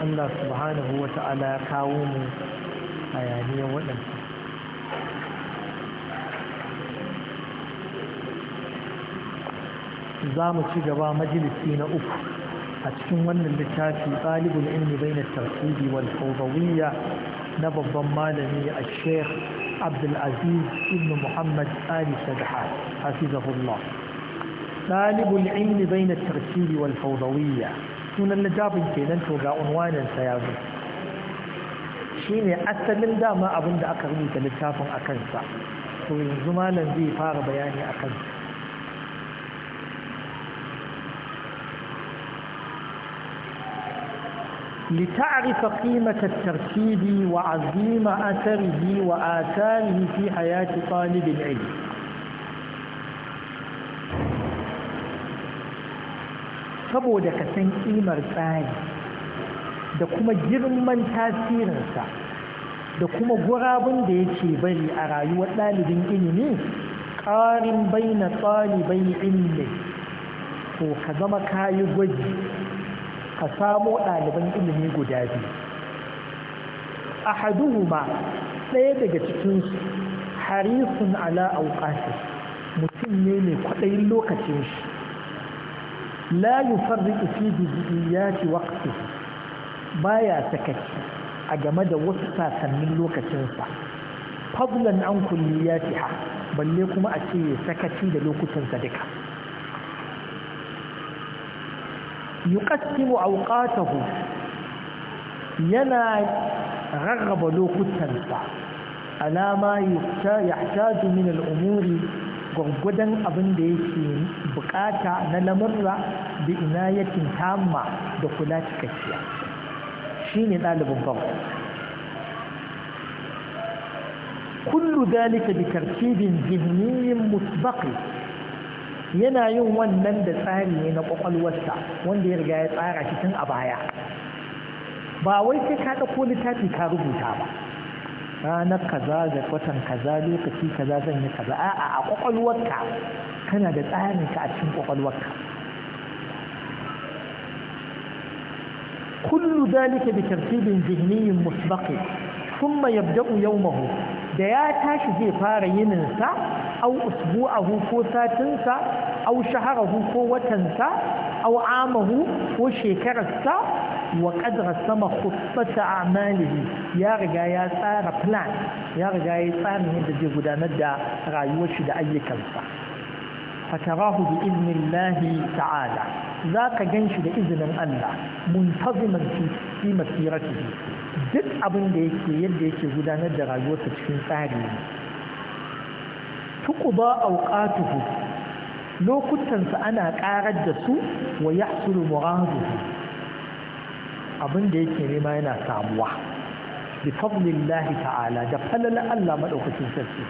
Allah subhanahu wa ta'ala ya kawo mu hayaniyar waɗansu za mu ci gaba majalisi na uku a cikin wannan littafi ɗalibul ilmi bai na tartibi wal fawdawiyya na babban malami a sheikh abdulaziz ibn muhammad ali sadha hafizahullah ɗalibul ilmi bai na tartibi wal fawdawiyya sunan littafin kenan to ga unwanin sa ya zo shine asalin dama abinda aka rubuta littafin a kansa to yanzu malam zai fara bayani a kansa لتعرف قيمة الترتيب وعظيم أثره وآثاره في حياة طالب العلم saboda ka san kimar tsari da kuma girman tasirinsa da kuma gurabun da yake bari a rayuwar ɗalibin ilimi ƙarin baina na ɗalibai ilmi ko ka zama kayi gwaji ka samo ɗaliban ilimi guda biyu a ma, ɗaya daga cikinsu harisun ala auƙatis mutum ne mai kwaɗayin lokacin shi la yufarriqu fi bidiyati waqti baya sakaci a game da wasu sasannin lokacinsa fadlan an kulliyatiha balle kuma a ce sakaci da lokutansa duka yuqaddimu awqatahu yana rarraba lokutansa alama yahtaju min al-umuri gwaggwadon abin da yake bukata na lamurra da ina yakin tamma da kula cikakkiya shi ne ɗalibin farko kullu dalika bi tartibin zihniyin musbaqi yana yin wannan da tsari ne na kwakwalwarsa wanda ya riga ya tsara shi tun a baya ba wai sai ka ɗauko littafi ka rubuta ba ranar kaza da watan kaza lokaci kaza zan yi kaza a'a a kwakwalwarka kana da tsarin ka a cikin kwakwalwarka kullu dalika bi tartibin zihniyyin musbaqi thumma yabda'u yawmahu da ya tashi zai fara yinin sa aw usbu'ahu ko satin sa aw shaharahu ko watan sa aw amahu ko shekarar sa wa kadra sama a a'malihi ya riga ya tsara plan ya riga ya tsara yadda zai gudanar da rayuwar shi da ayyukansa fatarahu bi idnillahi ta'ala zaka ganshi da izinin Allah muntaziman fi fi masiratihi duk abin da yake yadda yake gudanar da rayuwarsa cikin tsari ne tuquba awqatuhu lokutansa ana karar da su wa yahsulu muraduhu abin da yake nema yana samuwa bi fadlillahi ta'ala da falal Allah madaukakin sarki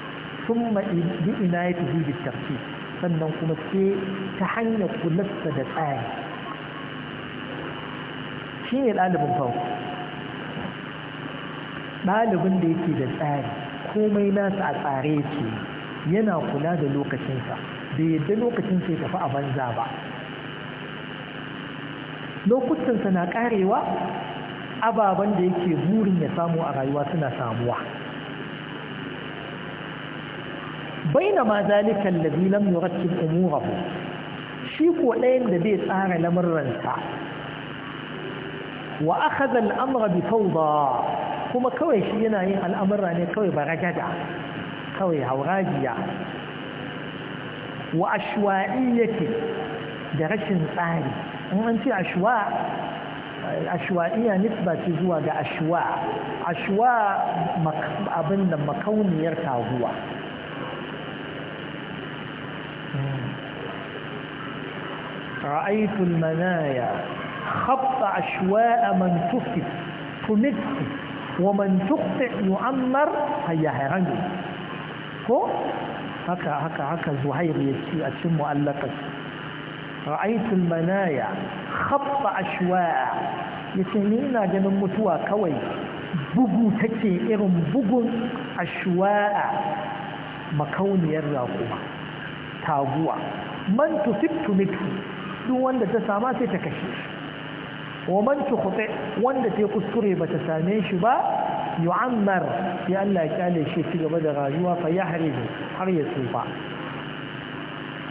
thumma bi inayatihi bi tafsir sannan kuma sai ta hanyar kulasta da tsari shi ne ɗalibin farko ɗalibin da yake da tsari komai nasa a tsare yake yana kula da lokacinsa bai yadda lokacinsa ya tafi a banza ba lokutansa na karewa ababen da yake burin ya samu a rayuwa suna samuwa baina zalika allazi lam yurattib umurahu shi ko ɗayan da bai tsara lamurransa wa aka zan amra bi kuma kawai shi yana yin al'amura ne kawai baragada kawai haurajiya. wa yake. da rashin tsari in an ce ashwa ashwa'iya nisba ce zuwa ga ashwa ashwa abin da makauniyar taguwa رأيت المنايا خط عشواء من تفت تمت ومن تخطئ يعمر هيا هيرنجي كو هكا هكا هكا زهير يتشي أتشم مؤلقة ra'ayt al-manaya khaffa ashwa'a yace ina ganin mutuwa kawai bugu take irin bugun ashwa'a makauniyar rakuma taguwa man tusibtu mithu duk wanda ta sama sai ta kashe wa man tukhta wanda ta kuskure bata same shi ba yu'ammar ya Allah ya kale shi ci gaba da rayuwa fa yahrid har ya tsufa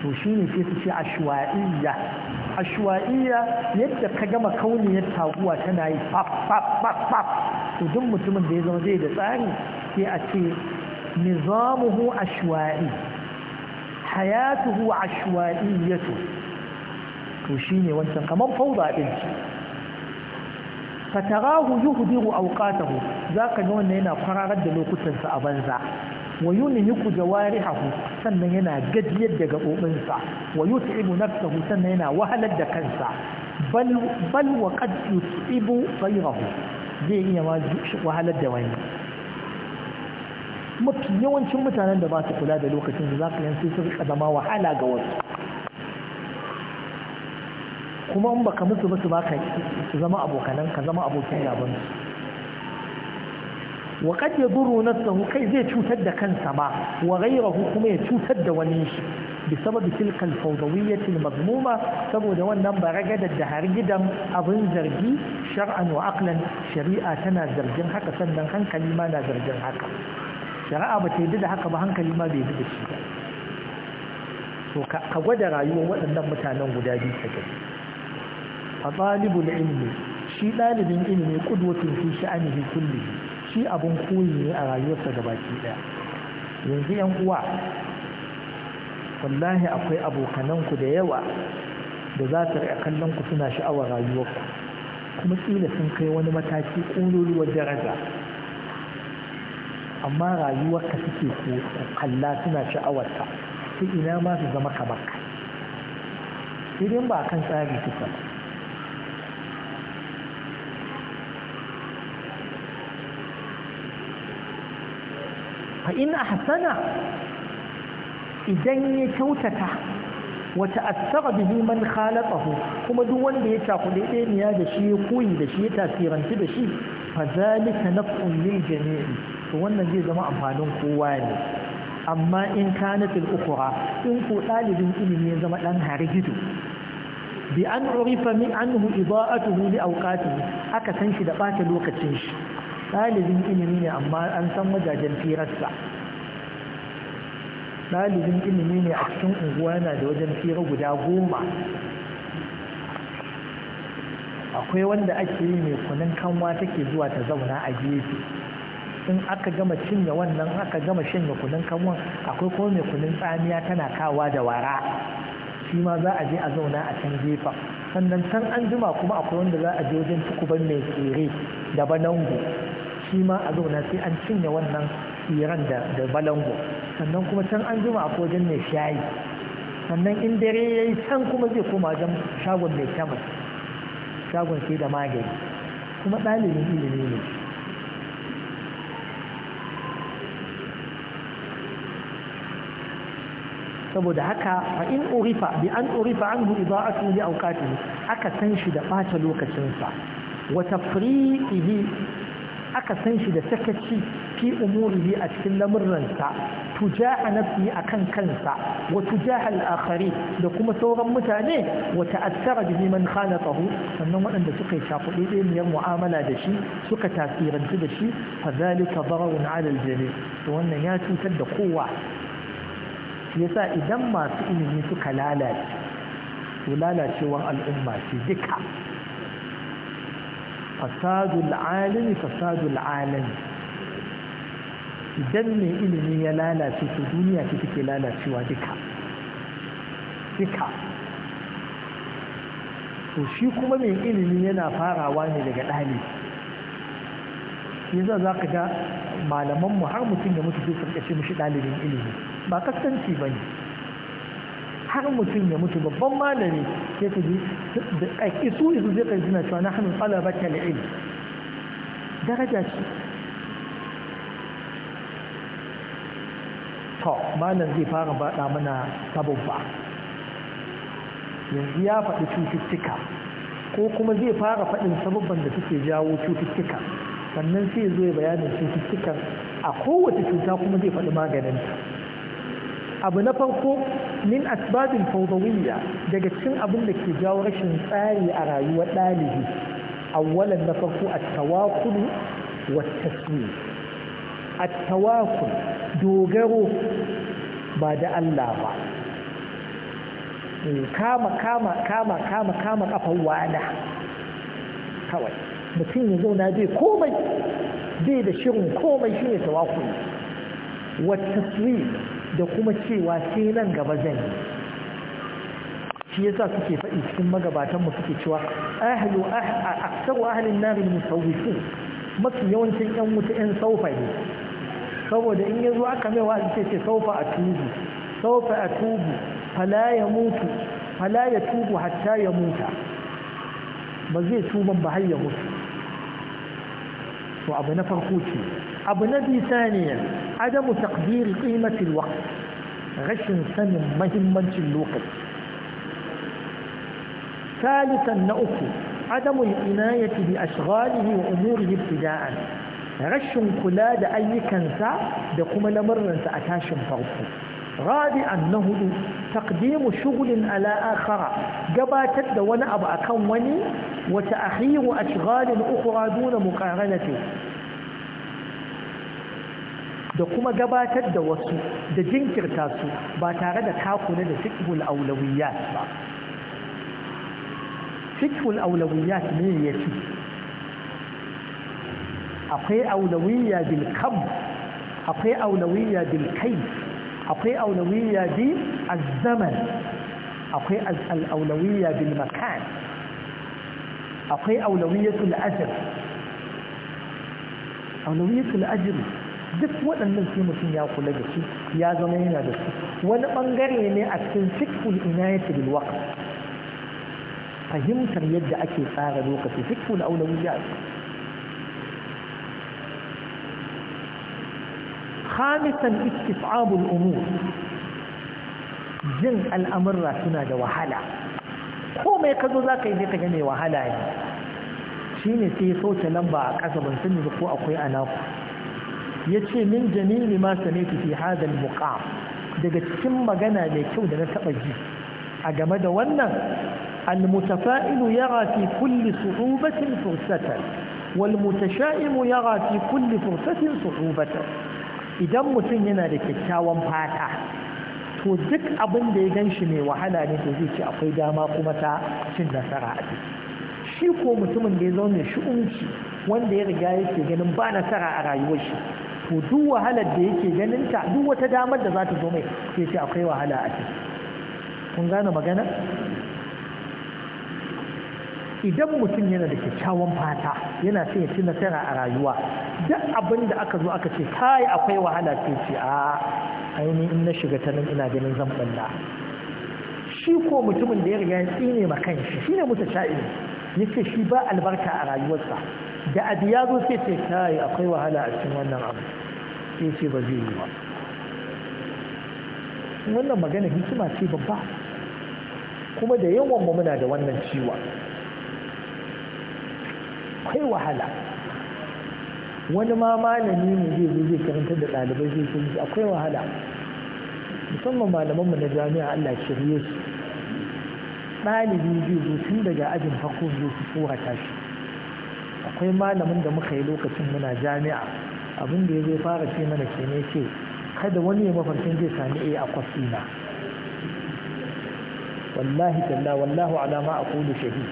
to shi ne sai su ce ashwa'iyya ashwa'iyya yadda ka gama kauniyar taguwa tana yi fafafafaf to duk mutumin da ya zama zai da tsari sai a ce nizamuhu ashwa'i hayatuhu ashwa'iyyatu to shi ne wancan kamar fauda ɗin fatarahu yuhdiru awqatahu zaka ga wannan yana kwararar da lokutansa a banza wa jawari haku sannan yana gajiyar da gabobinsa wa yut'ibu hu sannan yana wahalar da kansa bal bal wa qad yut'ibu rahu, zai iya ma wahalar da wani mafi yawancin mutanen da ba su kula da lokacin da za ka yansu su rika zama wahala ga wasu kuma in baka musu ba su ba ka zama abokanan ka zama abokin gaban su wa kad na sahu kai zai cutar da kansa ba wa ghayruhu kuma ya cutar da wani shi bi sababi tilka al-fawdawiyyah al-madmuma saboda wannan baragadar da har gidan abin zargi shar'an wa aqlan shari'a tana zargin haka sannan hankali ma na zargin haka shari'a ba ta yi da haka ba hankali ma bai yi da shi to ka gwada rayuwar waɗannan mutanen guda biyu take fa talibul ilmi shi dalibin ilmi qudwatun fi sha'ani kulli shi abin koyi ne a rayuwarsa gabaki baki ɗaya yanzu yan uwa wallahi akwai abokananku da yawa da za ta riƙa kallon ku suna sha'awar rayuwarku kuma tsila sun kai wani mataki ƙololuwar daraja amma rayuwarka suke ku kalla suna sha'awarta sai ina ma su zama kamar ka idan ba kan tsari suka ba fa in ahsana idan ya kyautata wata asara bihi man khalaqahu kuma duk wanda ya cakude ɗaya da shi ya koyi da shi ya tasiranci da shi fa zalika naf'un lil jami'i to wannan zai zama amfanin kowa ne amma in kanatil ukura in ko ɗalibin ilimi ya zama ɗan harigido bi an urifa min anhu idaa'atuhu li awqatihi aka san shi da ɓata lokacin shi ɗalibin ilimi ne amma an san wajajen firarsa ɗalibin ilimi ne a cikin unguwa yana da wajen fira guda goma akwai wanda ake yi mai kunin kanwa take zuwa ta zauna a gefe in aka gama cinye wannan aka gama shanye kunin kanwan akwai kuma mai kunin tsamiya tana kawa da wara shi ma za a je a zauna a can gefen sannan can an jima kuma akwai wanda za a je wajen tukuban mai tsere da banango shi ma a zauna sai an cinye wannan tsiran da balango sannan kuma can an zuma a wajen mai shayi sannan in dare ya yi can kuma zai koma zan shagon mai kyamar shagon sai da magani kuma ɗalibin ilimi ne saboda haka a in urifa bi an orifa an ba idza'atu a awqatihi aka san shi da ɓata lokacinsa wata tafriqihi aka san shi da sakaci fi umurihi a cikin lamurransa tujaha nafsi akan kansa wa tujaha al-akhari da kuma sauran mutane wa ta'assara bihi man khalatahu sannan waɗanda suka yi shafuɗi yin mu'amala da shi suka tasiranci da shi fa zalika dararun ala al to wannan ya cutar da kowa yasa idan masu ilimi suka lalace to lalacewar al'umma ce duka fasadul alimi fasadul alami idan mai ilimi ya lalace to duniya ce take lalacewa duka duka to shi kuma mai ilimi yana farawa ne daga ɗalibi yanzu za ka ga malamanmu har mutum ya mutu zai sarƙashe mushi ɗalibin ilimi ba kasance ba ne har mutum ya mutu babban malami ke ta ji da isu zai kai suna cewa na hannun tsalaba ta la'il daraja ce to malam zai fara baɗa mana sababba yanzu ya faɗi cututtuka ko kuma zai fara faɗin sababban da suke jawo cututtuka sannan sai zo ya bayanin cututtukan a kowace cuta kuma zai faɗi maganinta abu na farko min asbabin fawdawiyya daga cikin abin da ke jawo rashin tsari a rayuwar ɗalibi awwalan na farko a tawakkul wa taswir at-tawakkul dogaro ba da Allah ba eh, kama kama kama kama kama kafan wada kawai mutum ya zauna bai komai bai da shirin komai ne tawakkul wa taswir da kuma cewa sai nan gaba zan yi shi yasa suke faɗi cikin magabatan mu suke cewa ahlu aksaru ah, ahlin nari musawwifu mafi yawancin yan wuta yan saufa ne saboda in yanzu aka mai wa ce ce saufa a tubu saufa a tubu fala ya mutu fala ya tubu hatta ya muta ba zai tuban ba har ya mutu to abu na farko ce abu na bisaniya عدم تقدير قيمة الوقت غشن سن مهمة الوقت ثالثا نأكل عدم العناية بأشغاله وأموره ابتداء غشن كلا دا أي كنسا دا كما لمرن سأتاشن فرقه رابعا نهد تقديم شغل على آخر قباتت دا ونأب أكوني وتأخير أشغال أخرى دون مقارنته da kuma gabatar da wasu da jinkirta su ba tare da takuna da fiqhul awlawiyat ba fiqhul awlawiyat ne ya yace akwai aulawiyya bil kam akwai aulawiyya bil kai akwai aulawiyya bi az akwai al-aulawiyya bil makan akwai aulawiyyatul ajr aulawiyyatul ajr duk waɗannan sai mutum ya kula da su ya zama yana da su wani ɓangare ne a cikin fikul inayati bil waqt fahimtar yadda ake tsara lokaci fikul aulawiyya khamisan istif'abul umur jin al'amurra suna da wahala komai ka zo za ka yi ka ga mai wahala ne shi ne sai ya sauke lamba a ƙasa ban sani ko akwai anaku yace min jamili ma sami'tu fi hada al-muqam daga cikin magana mai kyau da na taba ji a game da wannan al-mutafa'ilu yara fi kulli su'ubatin fursatan wal mutashaimu yara fi kulli fursatin idan mutum yana da kyakkyawan fata to duk abin da ya ganshi mai wahala ne to zai ci akwai dama kuma ta cin nasara a shi ko mutumin da ya zaune shi shi'unci wanda ya riga yake ganin ba nasara a rayuwar shi to duk wahalar da yake ganin ta duk wata damar da za ta zo mai sai ce akwai wahala a ciki kun gane magana idan mutum yana da kyakkyawan fata yana son ya ci nasara a rayuwa duk abin da aka zo aka ce kai akwai wahala sai ce a ainihin in na shiga ta nan ina ganin zan balla shi ko mutumin da ya riga ya tsine ma kanshi shi ne mutu sha'iri ya shi ba albarka a rayuwarsa da abiya zo sai ce kai akwai wahala a cikin wannan abu sai ce ba zai yi ba wannan magana hikima ce babba kuma da yawan mu muna da wannan ciwa kai wahala wani ma malami ne zai zo zai karanta da ɗalibai zai ce akwai wahala musamman malamanmu na jami'a Allah shirye su ɗalibi zai zo tun daga ajin farko zai su tsorata tashi akwai malamin da muka yi lokacin muna jami'a abin da ya zai fara ce mana ke ne ce kada wani ya mafarkin zai sami a kwasina wallahi talla wallahu alama a kudu shahi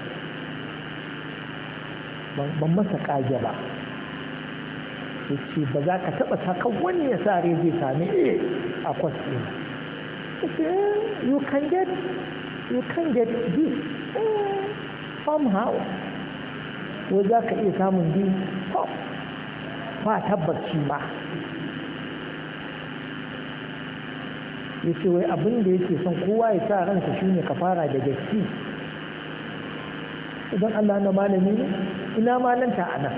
ban masa kage ba ya ce ba za ka taɓa saka wani ya sare zai sami a akwasina eh, you can get you can get this eh, somehow wai za ka iya samun this ba tabbaci ba ya ce wai abin da yake son kowa ya sa ranka shine ka fara da gaske idan Allah na malami ne ina malanta a nan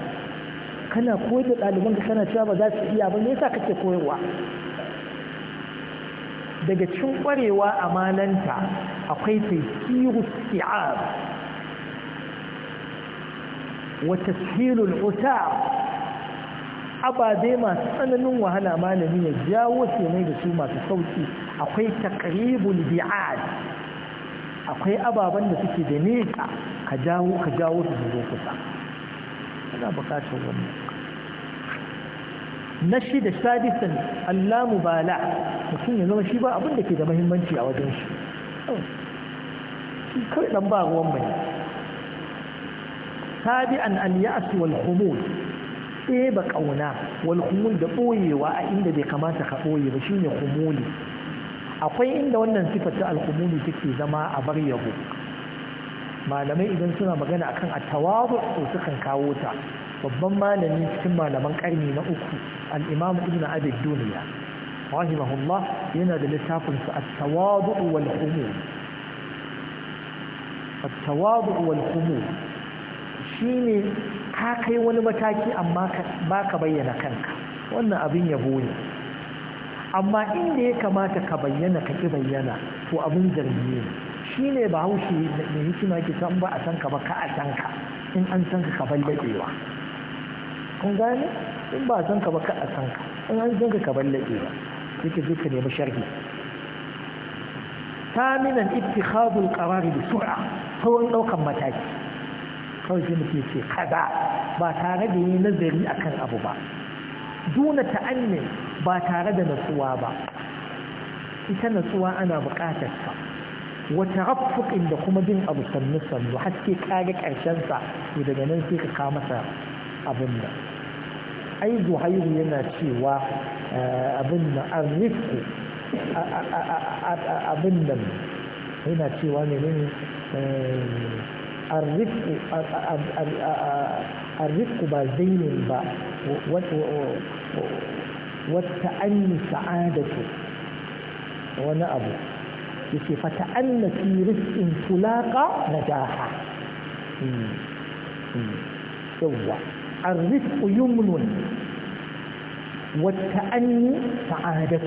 kana koyar da ɗaliban ka kana cewa ba za su iya ba yasa kake koyarwa daga cikin ƙwarewa a malanta akwai tasiru si'ab wa tashilul utar ababe masu tsananin wahala malami ya jawo su mai da su masu sauki akwai taqribul bi'ad akwai ababen da suke da nesa ka jawo ka jawo su zo kusa ana bukatar wannan na shi da sadisan Allah mubala mutum ya zama shi ba abin da ke da muhimmanci a wajen shi shi kawai dan ba ruwan bane sabi'an al-ya'su wal khumul ba ƙauna wal kumul da ɓoyewa a inda bai kamata ka ɓoye ba shine kumuli akwai inda wannan sifar ta alhumuli take zama a bar yabo malamai idan suna magana akan a tawabu to sukan kawo ta babban malami cikin malaman karni na uku alimam ibn abi duniya rahimahullah yana da littafin a at wal shine ka kai wani mataki amma ba ka bayyana kanka wannan abin yabo ne amma inda ya kamata ka bayyana ka ki bayyana to abin zargi ne Shi ne ba haushi mai hikima ke san ba a san ka ba ka a san ka in an san ka ka ballaɗewa kun gane in ba a san ka ba ka a san ka in an san ka ka ballaɗewa yake zai ka nemi sharhi ثامنا اتخاذ القرار بسرعة sauran ɗaukan mataki kawai sai ce kaza ba tare da yi nazari akan abu ba duna ta'annin ba tare da natsuwa ba ita natsuwa ana buƙatar ta wata rafuƙin da kuma bin abu sannu sannu haske kare ƙarshensa to daga nan sai ka kama sa abin da ai zuhairu yana cewa eh, abin da an rifku abin nan yana cewa ne ne eh, الرفق با زين با والتأني سعادة وانا أبو يكي فتأن في رفق تلاقى نجاحا يوه الرفق يمن والتأني سعادة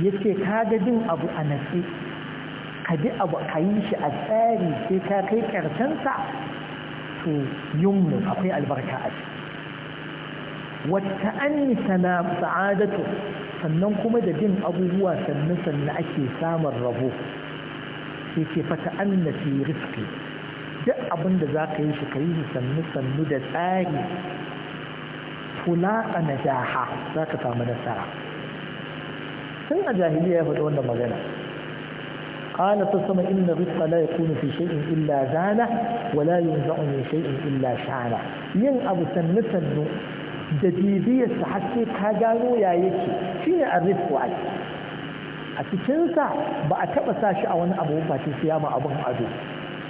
yake kaga jin abu a nasi ka bi abu ka yi shi a tsari sai ka kai ƙarshensa to yunmu akwai albarka a ciki wata an sana sa'adatu sannan kuma da bin abubuwa sannan sannan ake samun rabo sai ce fata an na fi riski duk abin da za ka yi shi ka yi sannu sannu da tsari tulaƙa na jaha za ka samu nasara tun a jahiliya ya faɗi wannan magana قال فسما إن الرفق لا يكون في شيء إلا زانة ولا ينزع من شيء إلا شعنة ين أبو سنة سنة جديدية سحكي كاجانو يا يكي شيء الرفق عليك a cikinsa ba a taɓa sa shi a wani abu ba ce siya ma abin ado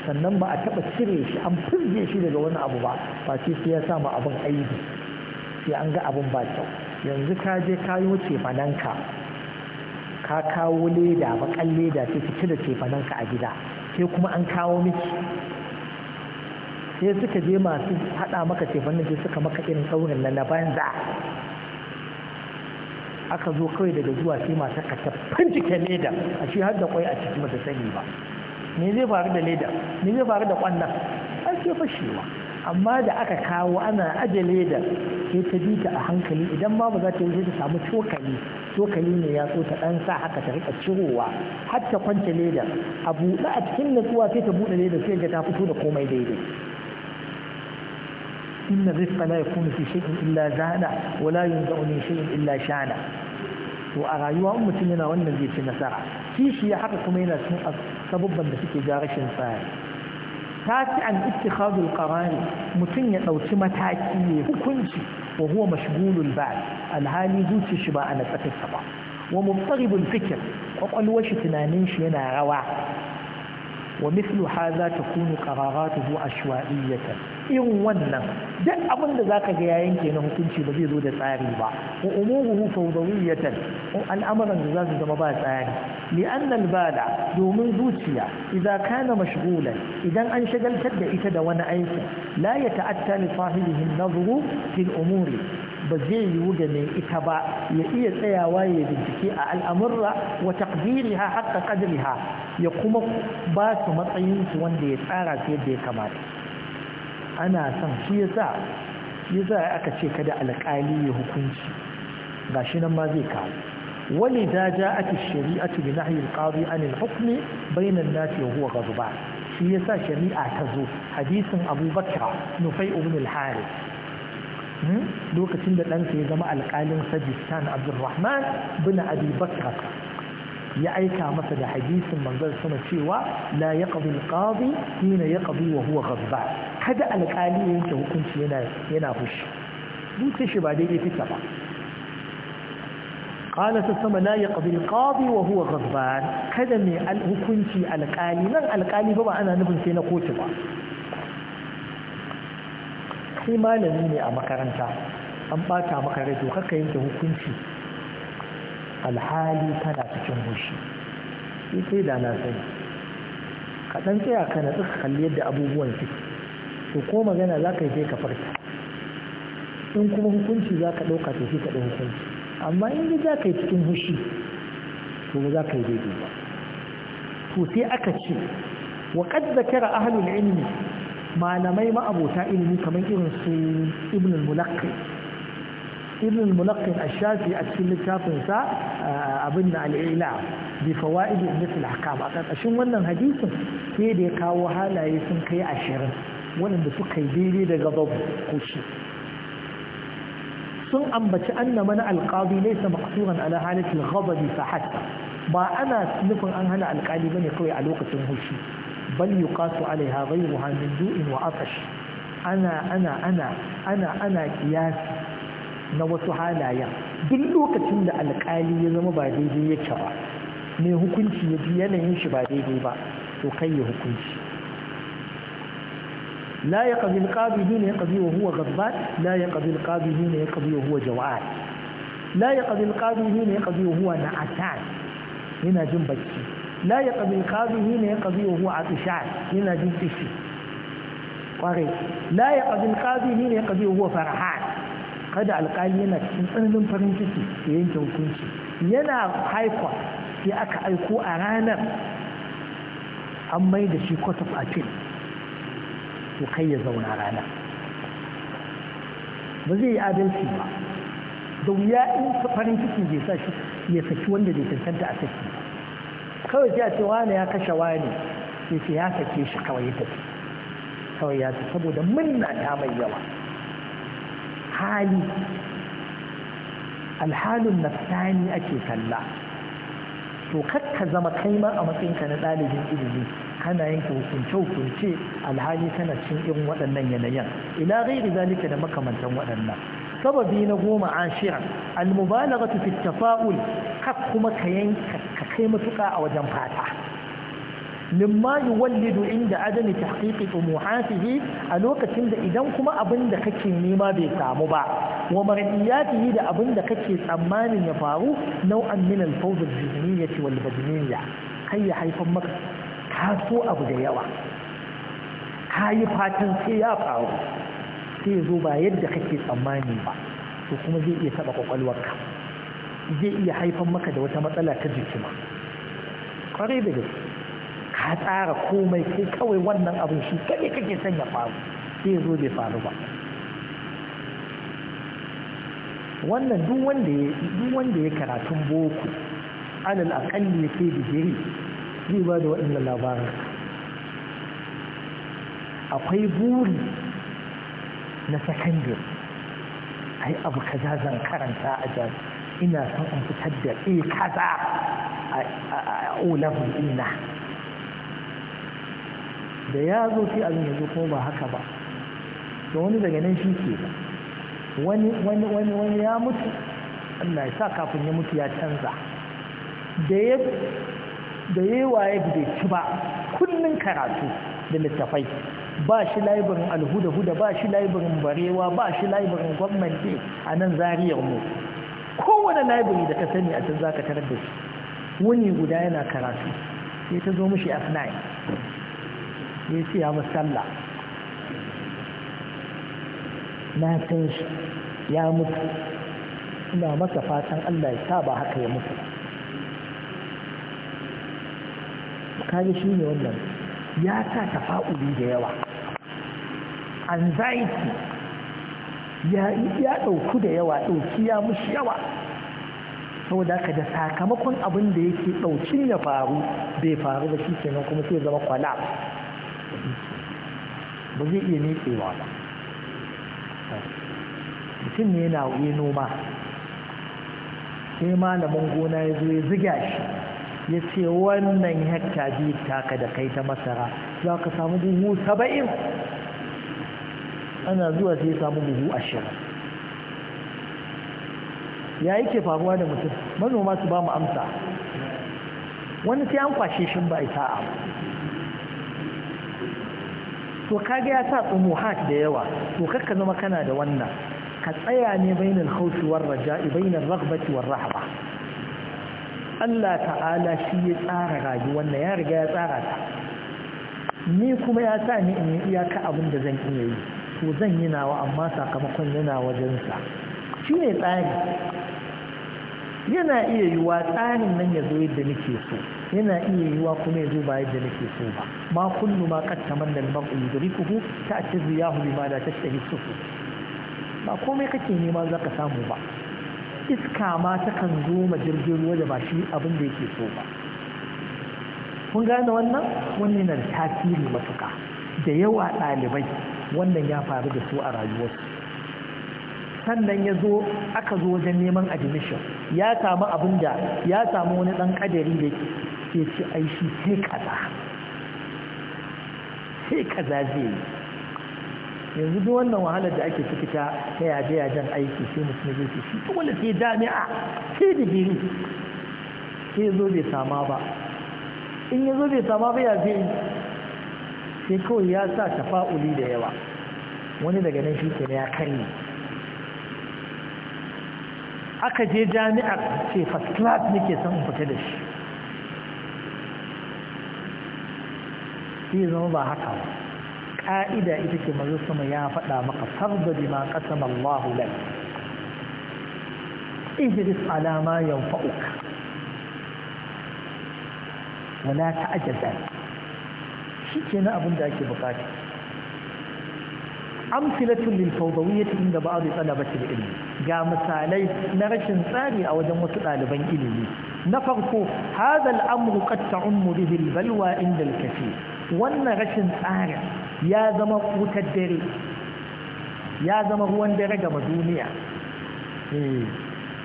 sannan ba a taɓa cire shi an firge shi daga wani abu ba ba ce siya sa ma abin aibi sai an ga abin ba kyau yanzu ka je ka yi wuce fananka ka kawo leda bakan leda sai ki cire cefananka a gida sai kuma an kawo miki sai suka je masu haɗa maka cefanin sai suka maka irin tsaurin nan na banza aka zo kawai daga zuwa sai masu ka ta cike leda a shi har da kwai a cikin mata sani ba me zai faru da leda me zai faru da kwannan an ce fashewa amma da aka kawo ana ajiye da sai ta bi a hankali idan babu za ta wuce ta samu cokali cokali ne ya tsota ɗan sa haka ta rika cirowa har kwance leda a buɗe a cikin natsuwa sai ta buɗe leda sai ta fito da komai daidai inna rifka la yakunu fi shay'in illa zana wa la yunzau min illa shana to a rayuwa in mutum yana wannan zai ci nasara kishiya haka kuma yana cin sabubban da suke ga rashin tsari ساتي أن اتخاذ القرار متنية لو سمت هاتي هكونشي وهو مشغول البعض الهالي دوتي شباء نتاك السبع ومضطغب الفكر وقال وشتنا ننشينا رواح ومثل هذا تكون قراراته عشوائية إن ونن دع أبن ذاك جاين كنا هكنشي بزيد ودى تعريبا وأموره فوضوية الأمر ذاك زمبا تعري لأن البالع دومن ذوتيا إذا كان مشغولا إذا أنشغل تد إتد ونأيك لا يتأتى لصاحبه النظر في الأمور ba zai yiwu da mai ita ba ya iya tsayawa ya bincike a al'amurra wa taqdiriha haqqa qadriha ya kuma ba su matsayin su wanda ya tsara su yadda ya kamata ana son shi yasa yasa aka ce kada alƙali ya hukunci shi nan ma zai kawo ولذا جاءت الشريعة بنهي القاضي عن الحكم بين الناس وهو غضبان في يسا shari'a ta zo hadisin بكر نفيء بن الحارث Hmm? lokacin da ɗansa ya zama alƙalin sajistan abdulrahman bin abi bakar ya aika masa da hadisin manzon sama cewa la yaqdi alqadi wa huwa ghadba kada alƙali yanke hukunci yana yana fushi dutse shi ba daidai fita ba قال تسمى لا يقضي القاضي وهو غضبان كذا من الحكمتي القالي ba القالي بابا انا نبن سينا كوتي ba. kai malami ne a makaranta an bata maka rai to kaka yanke hukunci alhali kana cikin hushi sai kai da na sani kaɗan dan tsaya ka na tsaka kalli yadda abubuwan suke to ko magana za ka yi sai ka farka in kuma hukunci za ka ɗauka to sai ka ɗau hukunci amma in dai za ka yi cikin hushi to ba za ka yi daidai ba to sai aka ce wa qad zakara ahlul ilmi malamai ma'abota ilimi kamar irin su ibn al mulaqqi ibn al mulaqqi ash-shafi a cikin littafin sa eh, abin da al-ila bi fawaid mithl al-ahkam a ƙarƙashin wannan hadisin sai da ya kawo halaye sun kai ashirin waɗanda suka yi daidai da babu kushi sun ambaci anna mana alqadi laysa maqsuran ala halati al-ghadab fa hatta ba ana nufin an hana alƙali bane kawai a lokacin hushi بل يقاس عليها غيرها من جوء وعطش أنا أنا أنا أنا أنا قياس نوت حالايا duk lokacin da alƙali ya zama ba daidai yake ba mai hukunci ya ji yanayin shi ba daidai ba to kai ya hukunci la ya ƙazi alƙabidu ne ya ƙazi wa huwa gabbat la ya ƙazi alƙabidu ne ya ƙazi wa huwa jawa'ad la ya ƙazi alƙabidu ne ya ƙazi wa huwa na'atan yana jin bacci la ya ƙabi ƙabihi ne ya ƙabi wa huwa atishan yana jin kishi kwarai la ya ƙabi ƙabihi ne ya ƙabi wa huwa farhan kada alƙali yana cikin tsananin farin ciki da yanke hukunci yana haikwa sai aka aiko a ranar an mai da shi court of appeal to kai ya zauna rana ba zai yi adalci ba da wuya in farin ciki zai sa shi ya saki wanda zai tantanta a saki ba kawai sai a ce ya kashe wani. sai sai ya sake shi kawai ya tafi kawai ya tafi saboda munna ta mai yawa hali alhalin nafsani ake kalla to kakka zama kai ma a matsayinka na ɗalibin ilimi kana yanke hukunce hukunce alhali kana cin irin waɗannan yanayin ina ghairi zalika da makamantan waɗannan sababi na goma ashira almubalaghatu fi tafa'ul kak kuma ka yanka kai matuƙa a wajen fata mimma yuwallidu inda adami tahqiqi tumuhatihi a lokacin da idan kuma abin da kake nema bai samu ba wa yi da abin da kake tsammanin ya faru nau'an min al-fawz al-jismiyyah wal badniyya kai ya haifar maka ka so abu da yawa ka yi fatan sai ya faru sai ya zo ba yadda kake tsammani ba to kuma zai iya taɓa kwakwalwarka zai iya haifan maka da wata matsala ta jiki ma kwarai da gaske ka tsara komai kai kawai wannan abin shi kaɗai kake son ya faru sai zo bai faru ba wannan duk wanda ya duk wanda ya karatun boko alal aqalli ya kai digiri zai bada da waɗannan labarin akwai buri na sakandare ai abu kaza zan karanta a jami'a ina son in fitar da e kaza a olafin ina da ya zo abin yanzu ko ba haka ba da wani daga nan shi ke wani wani ya mutu Allah ya sa kafin ya mutu ya canza da ya da ya waye bai ci ba kullun karatu da littafai ba shi laibirin alhuda-huda ba shi laibirin barewa ba shi laibirin gwamnati a nan zariyar mu kowane library da ka sani a can za ka tarar da shi wuni guda yana karatu sai ta zo mashi f9 ya ce ya musalla na san shi ya mutu ina masa fatan allah ya sa ba haka ya mutu kaji shi ne wannan ya sa tafa'uli da yawa anxiety ya ɗauku da yawa ɗauki ya mushi yawa saboda ka da sakamakon abin da yake ɗaukin ya faru bai faru ba shi kenan kuma sai zama kwala ba zai iya miƙewa ba mutum ne yana yi noma sai malamin gona ya zo ya ziga shi ya ce wannan hekta biyu taka da kai ta masara za ka samu dubu saba'in ana zuwa sai ya samu buhu ashirin ya yake faruwa da mutum manoma su ba mu amsa wani sai an kwashe shi ba ita a to ga ya sa hak da yawa to kakka zama kana da wannan ka tsaya ne bainal khawfi war raja'i bainal raghbati war rahba Allah ta'ala shi ya tsara rayuwar wannan ya riga ya tsara ta ni kuma ya sa ni in yi iyaka abin da zan iya yi to zan yi nawa amma sakamakon yana wajensa shi ne tsari yana iya yiwa tsarin nan ya zo yadda nake so yana iya yiwa kuma ya zo ba yadda nake so ba ma kullu ma qad tamanna ta maru yudrikuhu bi ma da ta tashtahi sufu ba komai kake nema zaka samu ba iska ma takan zo ma jirgin ruwa da ba shi abin da yake so ba kun gane wannan wannan na da tasiri matuka da yawa ɗalibai wannan ya faru da su a rayuwarsu sannan ya zo aka zo wajen neman admission ya samu abin da ya samu wani ɗan kadari da ke ci aishi sai kaza sai kaza zai yi yanzu duk wannan wahalar da ake ciki ta yaje yajen aiki sai mutum ya ce shi wani sai jami'a sai da biyu. sai zo bai sama ba in ya zo bai sama ba ya zai sai kawai ya sa tafa'uli da yawa wani daga nan shi ke ya karye aka je jami'ar ce first class nake son in fita da shi Sai zama ba haka ba ƙa'ida ita ce mazu sama ya faɗa maka farda bima qasama allahu lak ihris alama ma yanfa'uka wala ta'jaz shi ke na abin da ake bukata amfilatun lilfaudawiyyati inda ba a zai tsalabata da ga misalai na rashin tsari a wajen wasu ɗaliban ilimi na farko hadal amru qad ta'ummu bihi albalwa inda alkafi wannan rashin tsari ya zama wutar dare ya zama ruwan dare ga duniya eh,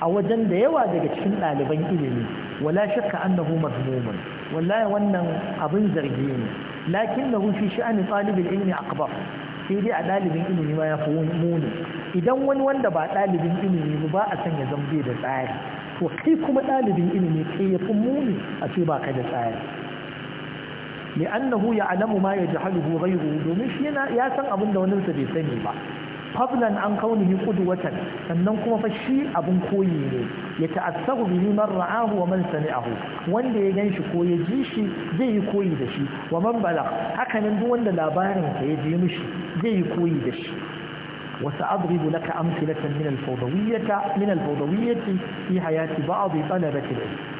a wajen da yawa daga cikin ɗaliban ilimi wala shakka annahu mazmumun wallahi wannan abin zargi ne lakinnahu fi sha'ani talibul ilmi akbar sai dai a ɗalibin ilimi ma ya fi muni idan wani wanda ba ɗalibin ilimi ba a sanya zambe da tsari to kai kuma ɗalibin ilimi kai ya fi muni a ce ba ka da tsari ya ya'lamu ma yajhaluhu ghayruhu domin shi yana ya san abin da wani bai sani ba fablan an kauni hin kudu watan sannan kuma fa shi abin koyi ne ya ta'assahu bihi man ra'ahu wa man wanda ya ganshi ko ya ji shi zai yi koyi da shi wa man bala haka nan duk wanda labarin ka ya ji mishi zai yi koyi da shi wa sa'adrib laka amsalatan min al-fawdawiyyati min al-fawdawiyyati fi hayati ba'd talabati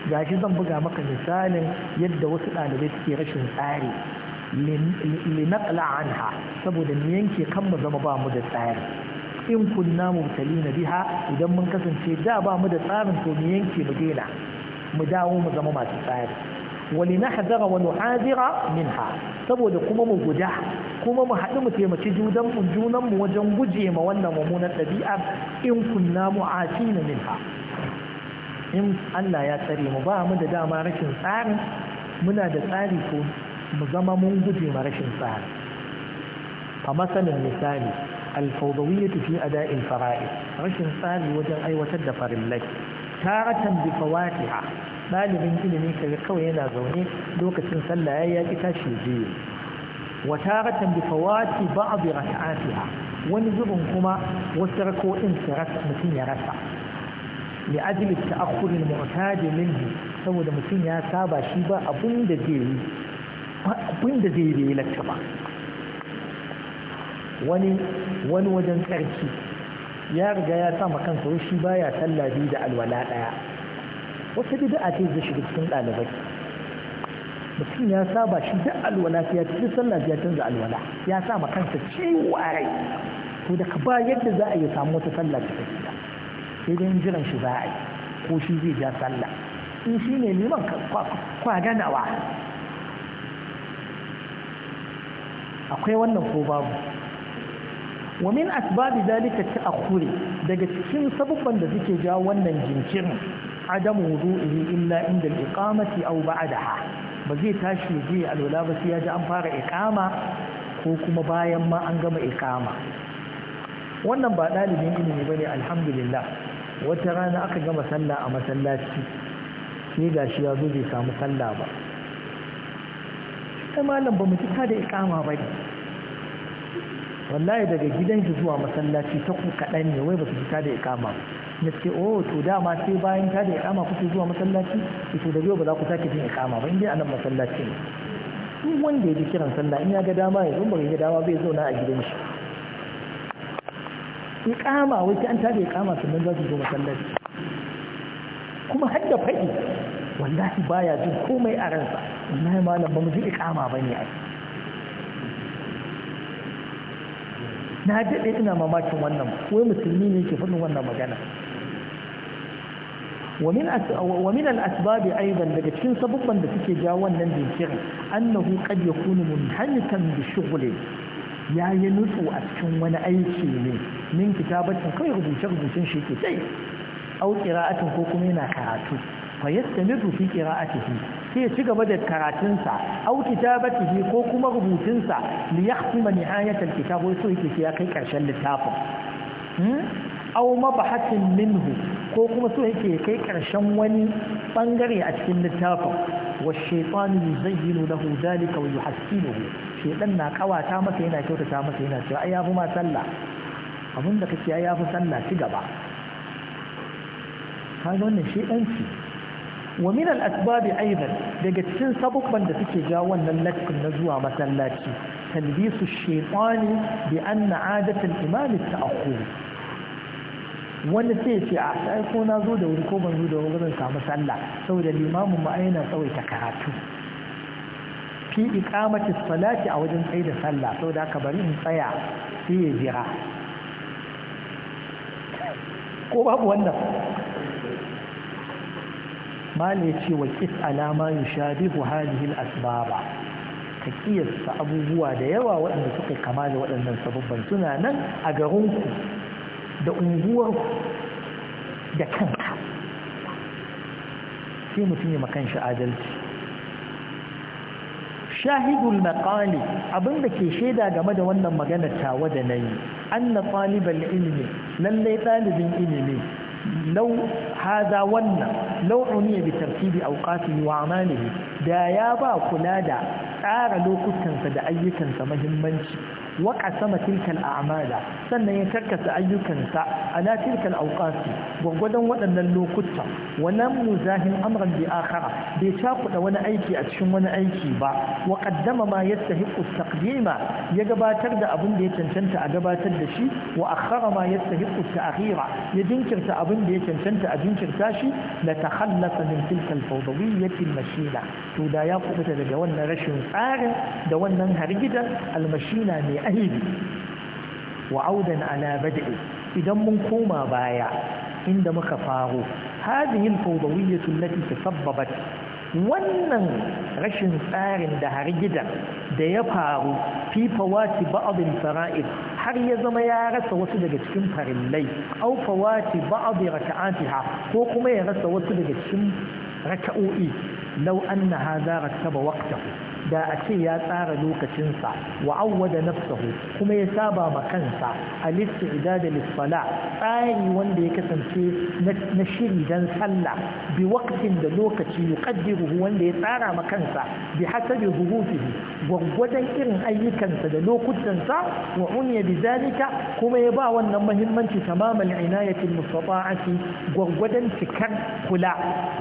ga shi zan buga maka misalin yadda wasu ɗalibai suke rashin tsari linaqla anha saboda mu yanke kan mu zama ba mu da tsari in kunna mubtalina biha idan mun kasance da ba mu da tsarin to mu yanke mu daina mu dawo mu zama masu tsari wali na hazara wani minha saboda kuma mu guda kuma mu haɗu mu taimaki mu wajen guje ma wannan mummunar ɗabi'a in kunna mu'atina minha in Allah ya tsare mu ba mu da dama rashin tsarin muna da tsari ko mu zama mun guje ma rashin tsari a masanin misali alfawdawiyyatu fi dain fara'i rashin tsari wajen aiwatar da farillai taratan bi fawatiha ɗalibin ilimi kaga kawai yana zaune lokacin sallah ya ki tashi biyu. wa taratan bi fawati ba'd rak'atiha wani zubin kuma wasu rako'in su rasa mutum ya rasa li ajli ta'akhkhur al-mu'tad minhu saboda mutum ya saba shi ba abun da zai yi abin da zai yi lacca ba wani wani wajen tsarki ya riga ya sa kansa shi baya sallah biyu da alwala daya wata bid'a a cikin shiga cikin ɗalibai mutum ya saba shi da alwala ya ci sallah ya canza alwala ya sa kansa ciwo a rai to daga ba yadda za a yi samu wata sallah ta da sai dai jiran shi za a yi ko shi zai ja sallah in shi ne liman kwaganawa akwai wannan ko babu wa min asbabi dalika Akure, daga cikin sabubban da suke jawo wannan jinkirin adamu wudu'ihi illa inda al-iqamati aw ba'daha ba zai tashi je alwala ba sai ya ji an fara iqama ko kuma bayan ma an gama iqama wannan ba dalibin ilimi bane alhamdulillah wata rana aka gama sallah a masallaci sai gashi ya zo bai samu sallah ba ita malam ba mu ci da ikama ba ne wallahi daga gidan shi zuwa masallaci ta ku kaɗan ne wai ba su fita da ikama na ce oh to dama sai bayan ta da ikama kuke zuwa masallaci to da yau ba za ku sake jin ikama ba in dai a masallaci ne duk wanda ya ji kiran sallah in ya ga dama ya zo ba ya ga dama bai zauna a gidan shi Ikama wai ta an tada ikama sannan za su zo masallaci kuma har da faɗi wallahi baya jin komai a ransa amma ya malam ba mu ji iqama ba ne ai na da dai ina mamakin wannan wai musulmi ne ke fadin wannan magana wa min as wa min daga cikin sabubban da suke ga wannan dinkirin annahu qad yakunu munhalikan bi shughli ya yi nutsu a cikin wani aiki ne min kitabatin kawai rubuce rubucin shi ke sai au kira'atin ko kuma yana karatu fa yastamiru fi qira'atihi sai ya ci gaba da karatunsa aw kitabatihi ko kuma rubutunsa li yahtima nihayatal kitab wai so yake ya kai karshen littafin aw mabahatin minhu ko kuma so yake kai karshen wani bangare a cikin littafin wa shaytanu yuzayyinu lahu dhalika wa yuhassinuhu shaytan na kawata masa yana kyautata masa yana cewa ai yafi ma sallah abinda kake ya yafi sallah ci gaba kaga wannan shaytanci wa min al-asbab aidan daga cikin sabubban da suke jawo wannan lakkin na zuwa masallaci talbisu shaytani bi anna adatan imam at-ta'khur wanda sai ce a sai ko na zo da wuri ko ban zo da wuri zan samu sallah saboda limamin mu aina ta karatu fi iqamati salati a wajen da sallah saboda haka bari in tsaya sai ya jira ko babu wannan ya ce wa kis alama ya sha bihu halihin asibaba ka kiyasta abubuwa da yawa waɗanda suka kama da waɗannan sababbin suna nan a garinku da unguwar da kanka sai mutum yi makan sha'adalci shahidul maqali abinda ke shaida game da wannan magana tawa da nayi an na ilmi lallai talibin ilmi لو هذا ون لو عني بترتيب أوقاته وأعماله دا يابا كلادا tsara lokutansa da ayyukansa mahimmanci Waƙa sama tilkal amada sannan ya karkasa ayyukansa na tilkal auƙasi gwagwadon waɗannan lokuta wa muzahin yuzahim amran bi bai cakuɗa wani aiki a cikin wani aiki ba wa qaddama ma yastahiqu taqdima ya gabatar da abin da ya cancanta a gabatar da shi wa akhara ma yastahiqu ta'khira ya jinkirta abin da ya cancanta a jinkirta shi la takhallasa min tilkal fawdawiyyati al to da ya kubuta daga wannan rashin tsarin da wannan hargidar almashina mai shahidi wa audan ala bad'i idan mun koma baya inda muka faro hadhihi al-fawdawiyyah ta tasabbabat wannan rashin tsarin da gida da ya faru fi fawati faraid har ya zama ya rasa wasu daga cikin farillai aw fawati raka'atiha ko kuma ya rasa wasu daga cikin raka'o'i law anna hadha rattaba waqtahu da a ce ya tsara lokacinsa wa awwada nafsahu kuma ya saba ma kansa alistu idada lisfala tsari wanda ya kasance na shiri dan sallah bi waktin da lokaci yuqaddiruhu wanda ya tsara ma kansa bi hasabi hurufihi gwaggwadon irin ayyukansa da lokutansa wa unya bi zalika kuma ya ba wannan muhimmanci tamamal inayati mustata'ati gwaggwadon cikar kula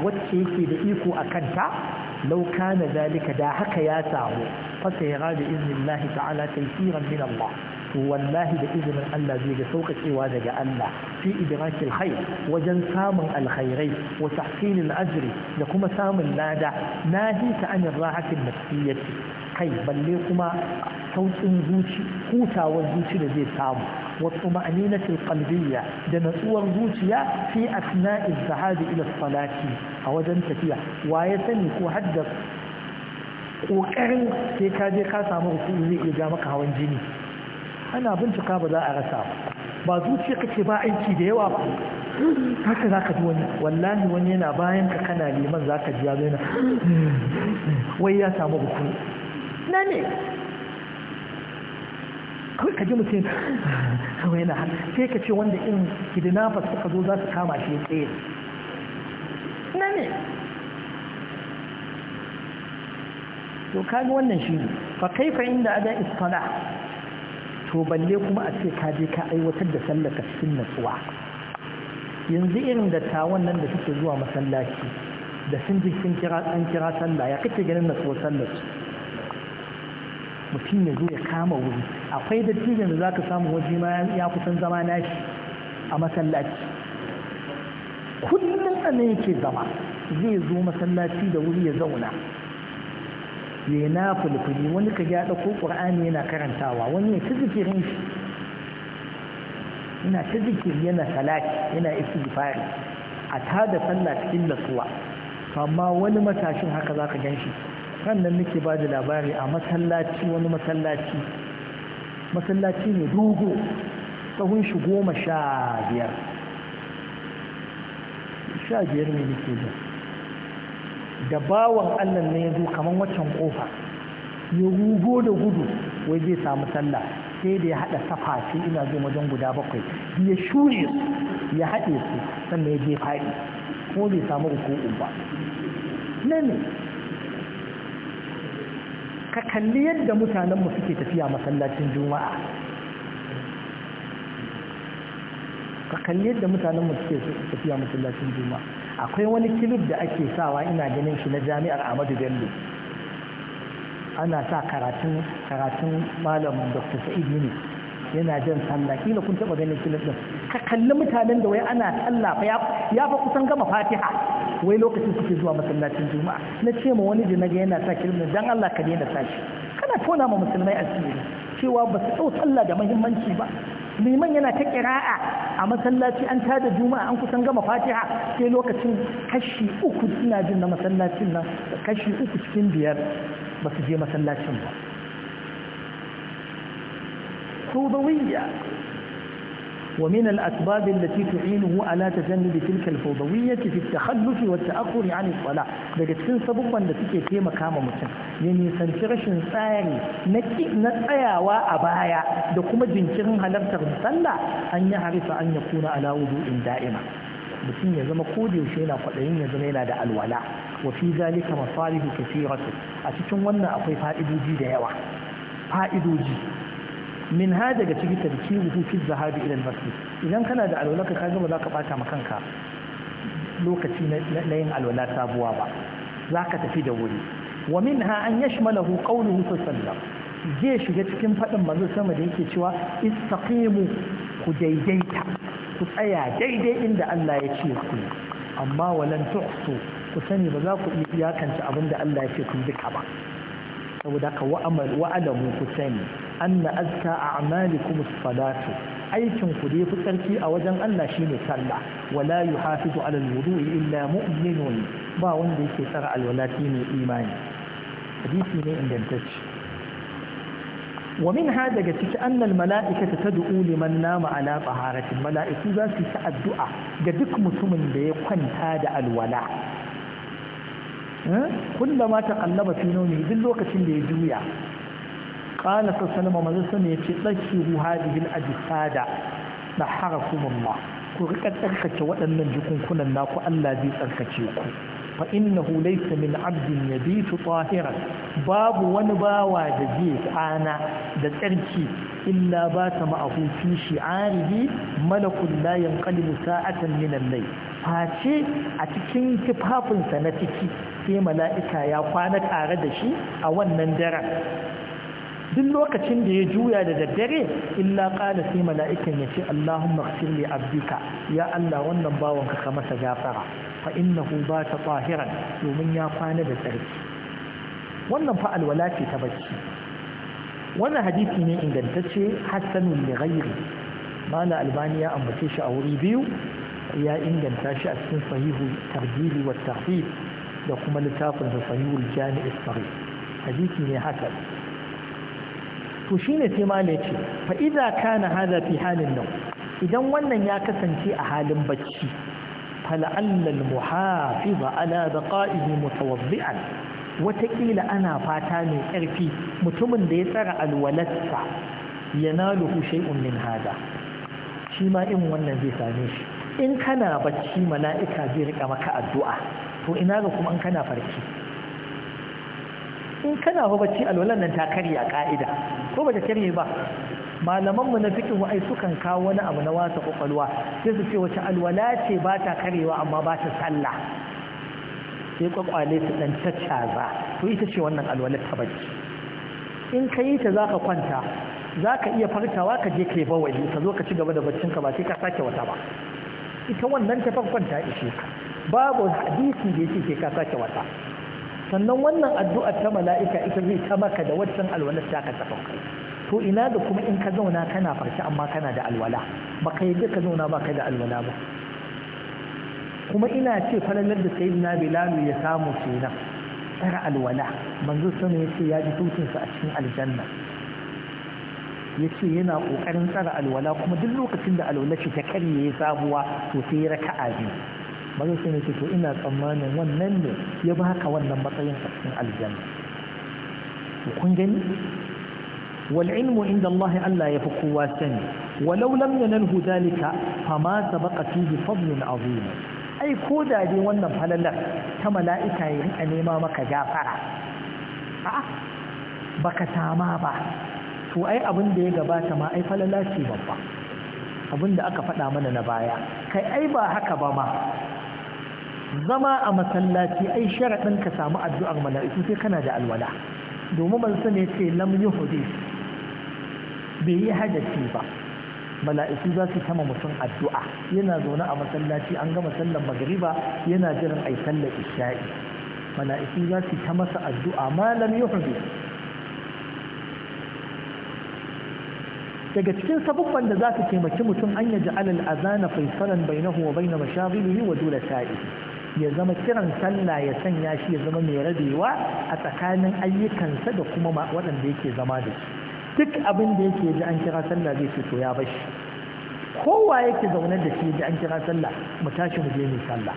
wacce yake da iko a kanta لو كان ذلك دا حكا يا سامو فسيرى بإذن الله تعالى تيسيرا من الله والله بإذن الله زيج سوق إوادة الله في إدراك الخير وجن سام الخير وتحصيل الأجر لكم سام اللادة ناهيك عن الراحة النفسية kai balle kuma sauƙin zuci hutawar zuci da zai samu wasu ma'aninatul qalbiyya da natsuwar zuciya fi asna'i zahabi ila salati a wajen tafiya wa ya sani ko hadda kokarin sai ka je ka samu ruku'u zai iya ja maka hawan jini ana bincika ba za a rasa ba ba zuciya kake ba aiki da yawa ba haka za ji wani wallahi wani yana bayan ka kana liman zaka ka ji ya hmm, hmm, hmm, wai ya samu ruku'u na ne kawai ka ji mutum kawai na sai ka ce wanda in kidnappers suka zo za su kama shi tsaye na ne to kaji wannan shi ne fa kaifa inda ada istana to balle kuma a ce ka je ka aiwatar da sallaka cikin natsuwa yanzu irin da tawon nan da suke zuwa masallaci da sun ji sun kira sallah ya kake ganin natsuwar sallar mutum ya zo ya kama wuri akwai dattijan da za ka samu waje ma ya kusan zama nashi a masallaci kullum a nan yake zama zai zo masallaci da wuri ya zauna ya yi na wani ka ya ɗauko ƙur'ani yana karantawa wani ya ta zikirin shi yana ta zikiri yana salaki yana istighfari a ta da sallah cikin suwa amma wani matashin haka za ka gan shi sannan nake ba da labari a masallaci wani masallaci masallaci ne dogo tsawon shi goma sha biyar sha biyar ne nake da da bawan allah ne ya zo kamar waccan kofa ya rugo da gudu wai zai samu sallah sai da ya haɗa safa sai ina zo wajen guda bakwai ya shuri ya haɗe su sannan ya je faɗi ko bai samu ruku'u ba nan ne ka kalli yadda mutanenmu suke tafiya masallacin juma'a ka kalli yadda mutanenmu suke tafiya masallacin juma'a akwai wani kilib da ake sawa ina ganin shi na jami'ar ahmadu bello ana sa karatun karatun malam dr sa'id mini yana jan sallah kila kun taba ganin kilib din ka kalli mutanen da wai ana sallah ya fa kusan gama fatiha wai lokacin suke zuwa masallacin juma'a na ce ma wani da naga yana sa kirmin dan Allah ka daina sa kana tona ma musulmai asiri cewa ba su ɗau sallah da muhimmanci ba liman yana ta kira'a a masallaci an tada juma'a an kusan gama fatiha sai lokacin kashi uku suna jin na masallacin nan kashi uku cikin biyar ba su je masallacin ba tubawiya ومن الأسباب التي تعينه على تجنب تلك الفوضوية في التخلف والتأخر عن الصلاة daga cikin sabubban da suke taimaka ma mutum ya nisanci rashin tsari na tsayawa a baya da kuma jinkirin halartar sallah an yi harisa an ya kuna ala wudu'in da'ima mutum ya zama ko yaushe yana kwaɗayin ya zama yana da alwala wa fi zalika masalihu kathiratu a cikin wannan akwai fa'idoji da yawa fa'idoji min ha daga ciki tarkibuhu fi zahabi idan al idan kana da alwala ka kaga ba za ka bata ma kanka lokaci na yin alwala sabuwa ba za ka tafi da wuri wa min ha an mana yashmalahu qawluhu sallallahu zai shiga cikin faɗin manzo sama da yake cewa istaqimu ku daidaita ku tsaya daidai inda Allah ya ce ku amma walan tuhsu ku sani ba za ku iya iyakance abin da Allah ya ce ku duka ba saboda ka wa'alamu ku sani anna azka a'malikum as-salatu aikin ku dai fi tsarki a wajen Allah shine sallah wala yuhafizu ala al-wudu'i illa mu'minun ba wanda yake tsara alwalati ne imani hadisi ne ingantacce wa min ha daga ciki annal mala'ikata tad'u liman nama ala taharatin mala'iku za su yi addu'a ga duk mutumin da ya kwanta da alwala kullama taqallaba fi nawmi duk lokacin da ya juya قال صلى الله عليه وسلم مزسم يتطهروا هذه الأجساد نحركم الله كرك تركك وأن جكون كنا ناكو ألا ذي تركك فإنه ليس من عبد يبيت طاهرا باب ونباوى جزيت أنا دتركي إلا بات معه في شعاره ملك لا ينقلب ساعة من الليل face a cikin tufafinsa na ciki sai mala'ika ya kwana tare da shi a wannan daren duk lokacin da ya juya da daddare illa qala sai mala'ikan ya ce Allahumma ighfir li abdika ya Allah wannan bawanka ka masa gafara fa innahu bata tahiran domin ya kwana da tsarki wannan fa alwala ce ta bacci wannan hadisi ne ingantacce hasanun li ghairi mala albani ya ambace shi a wuri biyu ya inganta shi a cikin sahihu tarjili wa tahfif da kuma littafin sahihul jami'i sahih hadisi ne hasan to shi ne ne ce fa’iza ka na haza fi halin nan idan wannan ya kasance a halin bacci fal’allal muhafi ba ana da ƙa’izi mutawazzi’an watakila ana fata mai ƙarfi mutumin da ya tsara alwalarsa ya nalu hushe unnin hada. shi ma in wannan zai same shi in kana bacci mala’ika zai riƙa maka addu’a to ina ga kuma in kana farki in kana ba bacci alwalan nan ta karya ka'ida ko ba ta karye ba malaman mu na fikin wa'ai sukan kawo wani abu na wasa kwakwalwa sai su ce wace alwala ce ba ta karyewa amma ba ta sallah sai kwakwale su dan za. to ita ce wannan alwala ta bacci in ka yi ta za ka kwanta za ka iya fartawa ka je ka yi bawali ka zo ka ci gaba da ka ba sai ka sake wata ba ita wannan ta kwanta ishe ka babu hadisi da yake ka sake wata sannan wannan addu'a ta mala'ika ita zai ta maka da waccan alwalar ta ka tafa to ina da kuma in ka zauna kana farce amma kana da alwala ba ka yadda ka zauna ba ka da alwala ba kuma ina ce falalar da sayi na bilalu ya samu kenan tsara alwala manzo sama ya ce ya ji tutunsa a cikin aljanna ya ce yana ƙoƙarin tsara alwala kuma duk lokacin da alwala ce ta karye sabuwa to sai raka'a biyu manzo sai to ina tsammanin wannan ne ya baka wannan matsayin a cikin aljanna kun gani wal inda Allah Allah ya fi kowa sani walau lam yanalhu baka fama sabaqa fihi fadlun azim ai ko da dai wannan falalar ta mala'ika yin a nema maka gafara a'a baka tama ba to ai abin da ya gabata ma ai falala ce babba abin da aka faɗa mana na baya kai ai ba haka ba ma zama a masallaci ai sharaɗin ka samu addu'ar mala'iku sai kana da alwala domin ban ne ce lam yuhdis bai yi hadasi ba mala'iku za su sama mutum addu'a yana zaune a masallaci an gama sallar magariba yana jiran ai sallar isha'i mala'iku za su ta masa addu'a malam yuhdi daga cikin sabubban da za su taimaki mutum an yaji alal azana faisalan bainahu wa bainama mashaghilihi wa dole sa'i ya zama kiran sallah ya sanya shi ya zama mai rabewa a tsakanin ayyukansa da kuma waɗanda yake zama da shi duk abin da yake ji an kira sallah zai ce to ya bashi kowa yake zaune da shi ji an kira sallah mu tashi mu je mu sallah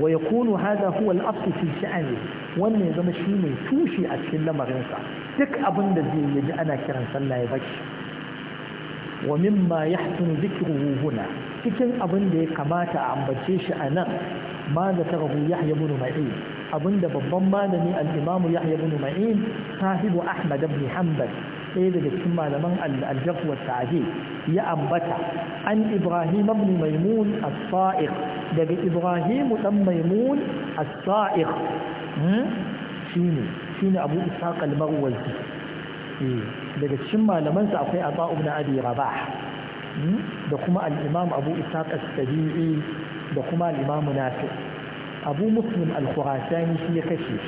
wa yakunu hadha huwa al-asl fi sha'ani wannan ya zama shi ne tushe a cikin lamarinsa duk abin da zai ji ana kiran sallah ya bashi wa mimma yahsunu dhikruhu huna cikin abin da ya kamata a ambace shi a nan ma da tarahu yahya ibn abin abinda babban malami alimamu ya yahya ibn ma'in sahibu ahmad ibn hanbal ɗaya daga cikin malaman al-jarh ya ambata an ibrahim ibn maimun as daga ibrahim dan maimun as hmm? shine shine abu isaq al-marwazi Eh, daga cikin malamansa akwai aba ibn abi rabah hmm, da kuma al-imam abu ishaq as-sabi'i da kuma al-imam nafi abu muslim al-khurasani shi ya kashe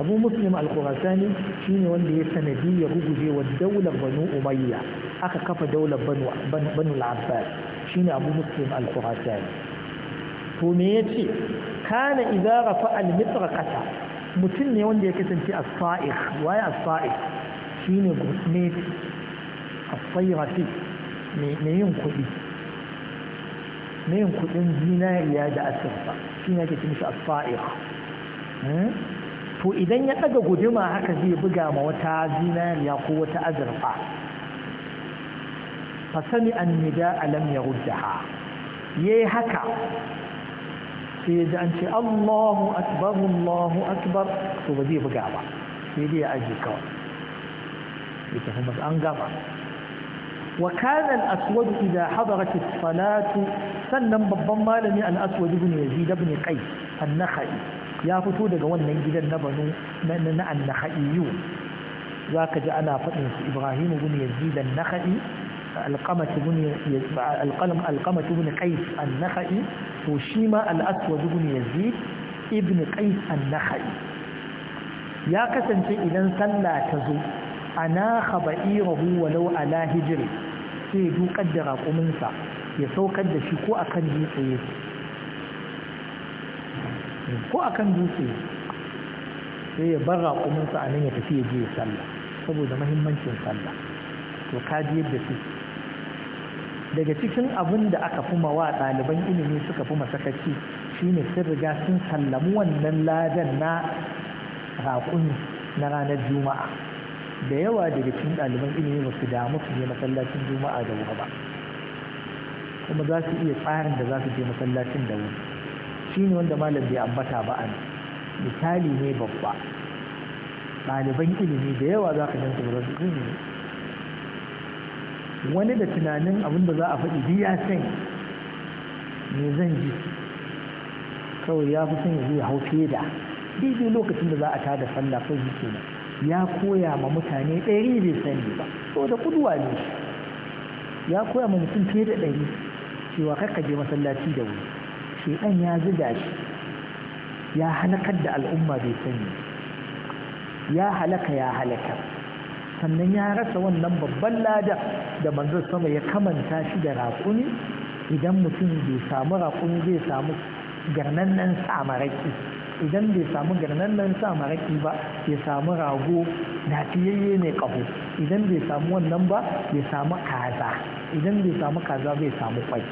abu muslim al-khurasani shine wanda ya sanadi ya ruguje wa daular banu umayya aka kafa daular banu banu al-abbas shine abu muslim al-khurasani to me yace kana idza rafa al-mitraqata mutum ne wanda ya kasance as-sa'ikh waye as-sa'ikh shine ne a tsayirafi mai yin kudi mai yin kudin zinariya da asirfa shi ne ake cin a tsa'ir hmm? to idan ya ɗaga guduma haka zai buga ma wata zinariya ko wata azurfa fasani an nida alam ya ruddaha ya yi haka sai ji an ce allahu akbar allahu akbar to ba zai buga ba sai dai ya aji kawai لتهم الأنقرة وكان الأسود إذا حضرت الصلاة سلم بالضمى لم يأل أسود بن يزيد بن قيس النخعي يا فتودة قولنا إذا نبنو نعن النخعيون ذاك جاء أنا فتن إبراهيم بن يزيد النخعي القمة بن القلم القمة بن قيس النخعي وشيمة الأسود بن يزيد ابن قيس النخعي يا كسنتي إذا سلا تزول Ana anakha ba'irahu walau ala hijiri sai dukar da raƙuminsa ya saukar da shi ko akan dutse ko akan dutse sai ya bar raƙuminsa a nan ya tafi ya je ya sallah saboda mahimmancin salla to kaji yadda su daga cikin abin da aka fi mawa ɗaliban ilimi suka fi masakaci shine sun riga sun sallamu wannan ladan na raƙumi na ranar juma'a da yawa daga cikin ɗaliban ilimi ba su damu su je masallacin juma'a da wuri ba kuma za su iya tsarin da za su je masallacin da wuri shi ne wanda malam bai ambata ba a misali ne babba ɗaliban ilimi da yawa za ka ganta ba su wani da tunanin abin da za a faɗi biya san me zan ji kawai ya fi son ya hau fiye da daidai lokacin da za a tada sallah ko shi ya koya ma mutane ɗari bai sani ba so da kuduwa ne ya koya ma mutum fiye da ɗari cewa kakka je masallaci da wuri shekan ya zuga shi ya halakar da al'umma bai sani ya halaka ya halaka sannan ya rasa wannan babban lada da manzon sama ya kamanta shi da raƙuni idan mutum bai samu raƙuni zai samu garnan nan samaraki idan bai samu nan sa maraki ba ya samu rago lafiyayye mai ƙaho idan bai samu wannan ba ya samu kaza idan bai samu kaza bai samu kwai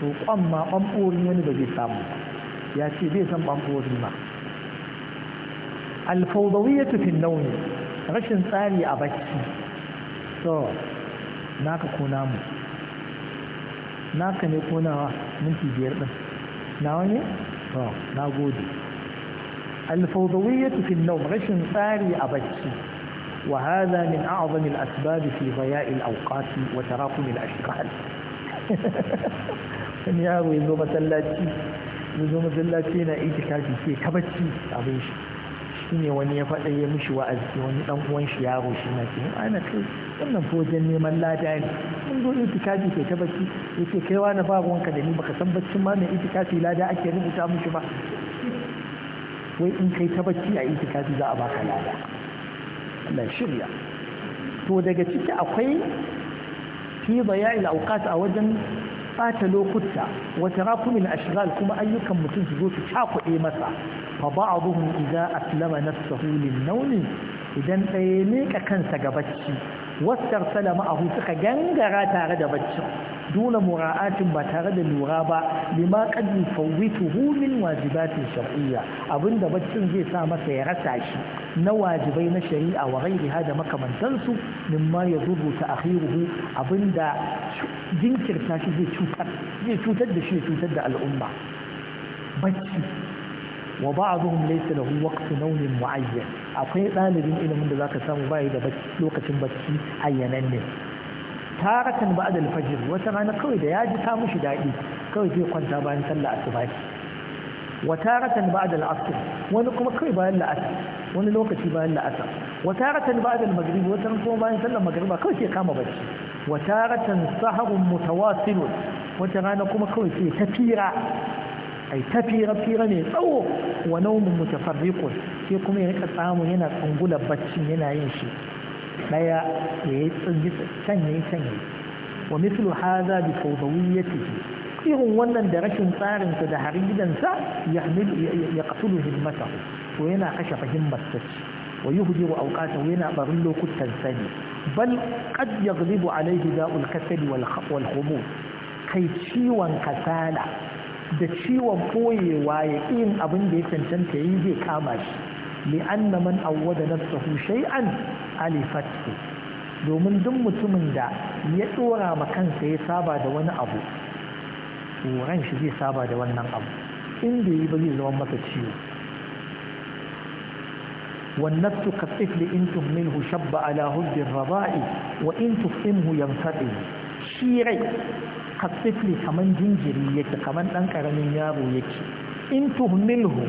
to kwan ma ɓamɓori wani ba zai samu ya ce bai san ɓamɓori ma ya tafi nauni rashin tsari a bacci so naka ko namu naka ne ko nawa minti biyar din nawa ne الاشراف ما gode الفوضوية في النوم غشن فاري أبجسي وهذا من أعظم الأسباب في ضياء الأوقات وتراكم الأشكال in yaro ya zo masallaci ya zo masallaci shi ne wani ya faɗa ya mishi wa'azi wani ɗan uwan shi yaro shi na ce ana kai wannan fojan neman lada ne mun zo itikafi kai ta bacci ya kai wani babu wanka da ni baka san baccin ma mai itikafi lada ake rubuta mishi ba wai in kai ta bacci a itikafi za a baka lada Allah shirya to daga ciki akwai fi bayani auqat a wajen bata lokuta wata rakumin ashgal kuma ayyukan mutum su zo su cakuɗe masa فبعضهم إذا أسلم نفسه للنوم إذا أيميك كان سجبتشي واسترسل معه سقى جنجرا تارد بتشي دون مراعاة بتارد النغابة لما قد يفوته من واجبات شرعية أبن دبتشن زي سامة سيرسعشي نواجبين الشريعة وغير هذا ما كمان تنسو مما يضر تأخيره أبن دا جنكر تاشي جي شوتر جي شوتر دا شوتر الأمة بتشي wa ba'dhum laysa lahu waqtu nawmin mu'ayyan akwai ɗalibin ilimin da zaka samu bai da lokacin bacci ayyanan ne taratan ba'da al-fajr wata rana kawai da yaji ta mushi daɗi kawai zai kwanta bayan sallah asuba wa taratan ba'da al-asr wani kuma kawai bayan la'asar wani lokaci bayan la'asar wa taratan ba'da al-maghrib wata kuma bayan sallar magriba kawai sai kama bacci wa taratan sahrun mutawassil wata rana kuma kawai sai ta tira ai ta fira fira mai tsawo wa naumin mutafarriqun sai kuma ya rika samu yana tsungula baccin yana yin shi daya ya yi can ya yi wa mislu haza bi fawdawiyyatihi irin wannan da rashin tsarinsa da haridansa ya ya qatulu himmatahu to yana kashe fahimtar sa wa yuhdiru awqatahu yana barin lokutan sani bal qad yaghlibu alayhi da'ul kasal wal khumul kai ciwon kasala da ciwon koyewa ya yin abin da ya cancanta yi zai kama shi li'anna man awwada nafsahu shay'an alifatu domin duk mutumin da ya dora ma kansa ya saba da wani abu tsoron shi zai saba da wannan abu in bai yi ba zai zama masa ciwo والنفس كالطفل إن تهمله شب على raba'i الرضاء وإن تفهمه ينفقه shi rai kasifli kamar jinjiri yake kamar ɗan ƙaramin yaro yake in tuhmilhu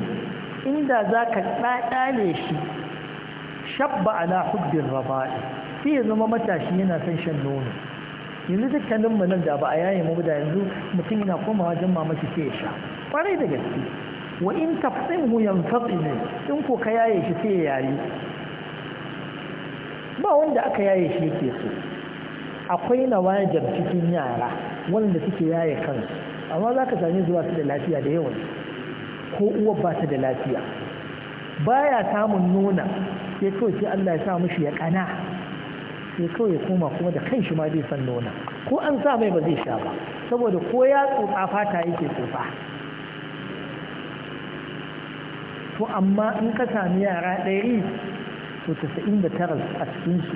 inda za ka ɗaɗale shi shabba ala hudbin raba'i fi ya zama matashi yana son shan nono yanzu dukkanin mu nan da ba a yayin mu da yanzu mutum yana komawa wajen mamaki sai ya sha kwarai da gaske wa in tafsimhu yanfatsi ne in ko ka yaye shi sai ya yayi ba wanda aka yaye shi yake so akwai nawajib cikin yara wanda suke yaye kansu amma za ka sami zuwa su da lafiya da yawan ko uwa ba ta da lafiya baya samun nuna sai kawai sai Allah ya sa mushi ya kana sai kawai ya koma kuma da shi ma zai san nuna ko an sa mai ba zai sha ba saboda ko ya tsotsa fata yake tsufa to amma in ka sami yara ɗari to da tara a cikinsu.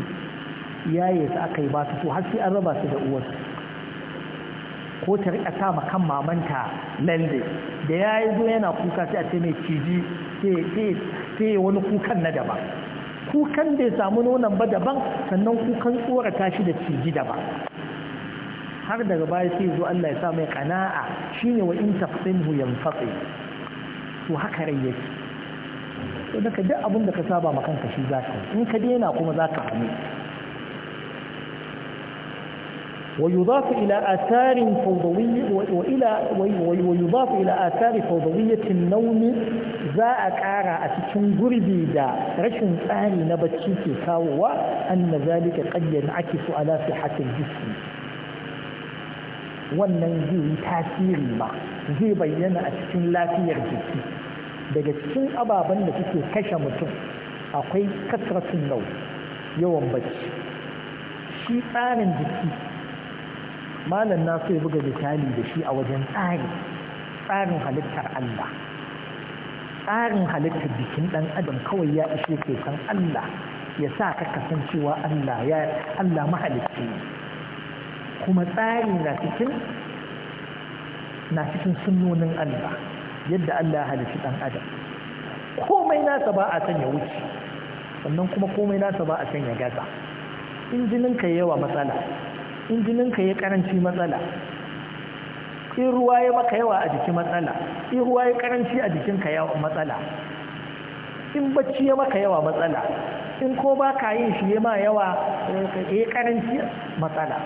yaye su aka yi ba su har sai an raba su da uwarsu ko ta rika sa ma kan mamanta lalle da ya yi zo yana kuka sai a ce mai ciji yi wani kukan na daban kukan da ya samu nonon ba daban sannan kukan tsorata shi da ciji daban har daga baya sai zo Allah ya sa mai kana'a shine wa in tafsinhu yanfaqi to haka rai yake to daga duk abin da ka saba ma kanka shi zaka in ka daina kuma zaka hannu ويضاف إلى آثار فوضوية وإلى ويضاف إلى آثار فوضوية النوم ذا أكارا tsari قربي دا رشن kawowa? نبتشيك كاوة أن ذلك قد ينعكس على صحة الجسم wannan zai yi tasiri ba. zai bayyana a cikin lafiyar jiki daga cikin ababen da suke kashe mutum akwai kasratun nau yawan bacci shi tsarin jiki malam na so ya buga misali da shi a wajen tsari tsarin halittar Allah tsarin halittar jikin ɗan adam kawai ya ishe ke san Allah ya sa ka kasancewa Allah ya Allah mahalicci kuma tsari na cikin na cikin sunnonin Allah yadda Allah ya halicci ɗan adam komai nasa ba a sanya wuce sannan kuma komai nasa ba a sanya gaza in yi yawa matsala in jininka ya karanci matsala in ruwa ya maka yawa a jiki matsala in ruwa ya karanci a jikinka yawa matsala in bacci ya maka yawa matsala in ko ba ka yin shi ya ma yawa ya karanci matsala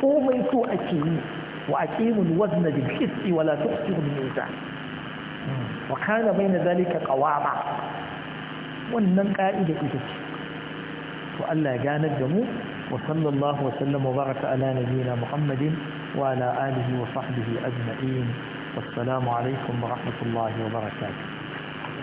komai so ake yi wa a aqimul wazna da qisti wa la tuqsiru bil mizan wa kana na zalika qawama wannan ka'ida ita ce وألا جاند وصلى الله وسلم وبارك على نبينا محمد وعلى آله وصحبه أجمعين والسلام عليكم ورحمة الله وبركاته